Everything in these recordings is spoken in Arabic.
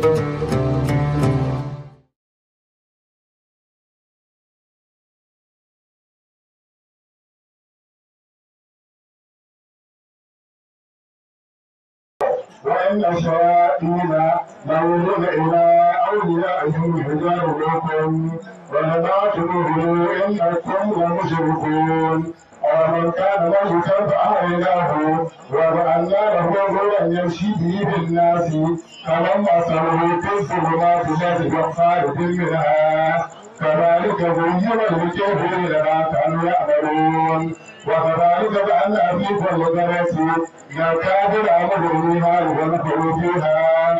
وإن أشائنا موضعنا أو بلأهم حجاب لكم ونبعته إن إنكم لمشركون ومن كان له سوف أهلناه وجعلنا له نورا يمشي به بالناس الناس فمن أصله في الظلمات التي منها كذلك زين للكافرين ما كانوا يعملون وكذلك بأن في كل قرية مكابر أمرهم فيها فيها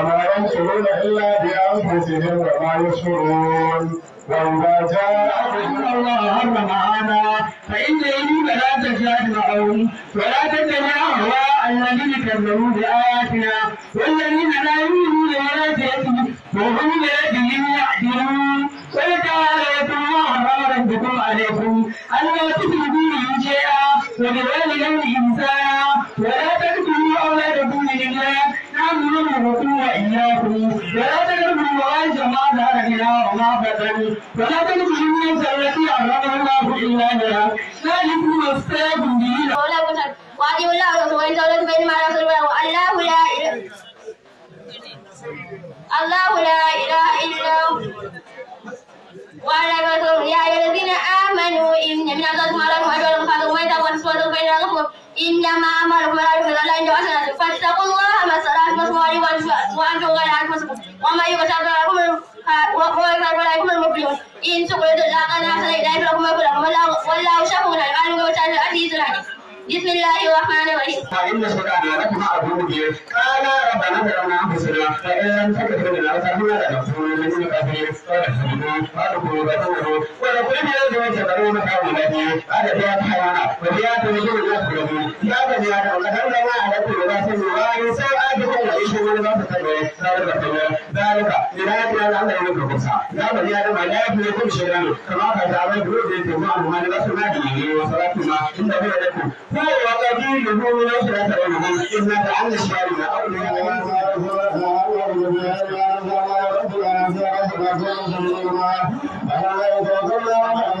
وما ينشرون إلا بأنفسهم وما يشعرون وإذا جاءك الله معنا فإن يريد لا تجادلهم ولا تتبع أهواء الذين كذبوا بآياتنا والذين لا يؤمنون ولا تأتي وهم بآياتهم يعدلون ولتعالى يكون الله ربكم عليكم ألا تشركوا به شيئا وبوالديه إنسانا ولا تقتلوا أولادكم من الله نحن نرزقكم وإياكم ولا النار مرة ولا تدخلوا التي حرم الله إلا بها ذلكم وصاكم به وأطيعوا الله ورسوله تولد بين ما رسول الله والله لا إله الله لا إله إلا هو وعلى رسول يا أيها الذين آمنوا إن من أزواجكم على أنفسكم خيرا فاتقوا ما تقول إنما أمركم على أنفسكم لا إن وأنتم غير أنفسكم وما يغتر لكم ويغتر لكم المبرمون إن تقلدوا الآن أحسن إليه لكم وكلكم والله شكور العلم وتعالى العزيز الحكيم بسم الله الرحمن الرحيم. فإن شكرنا لكم أبو بكر قال ربنا ظلمنا أنفسنا فإن لم تغفر لنا فإنا لنكون من الكافرين فنحن فادخلوا فتنظروا ولكل من الذين كفروا مكان الذي قال فيها حيوانا وفيها تنجم الناس كلهم لا تزيد وقد أنزلنا عليكم لباسا يواري سوء shi wani ba ta tabe sarar da tabe zalika ila ya biya Allah ya rubuta kusa ya bari ya dama ya biya kun shi ran ka ta bai dole da ke ma amma ne wasu na da ne wa salatu ma inda bai da ku ko wa ka bi ne ko ne shi da tabe ne inna ta Allah shi ya aure ne ma Allah ya rubuta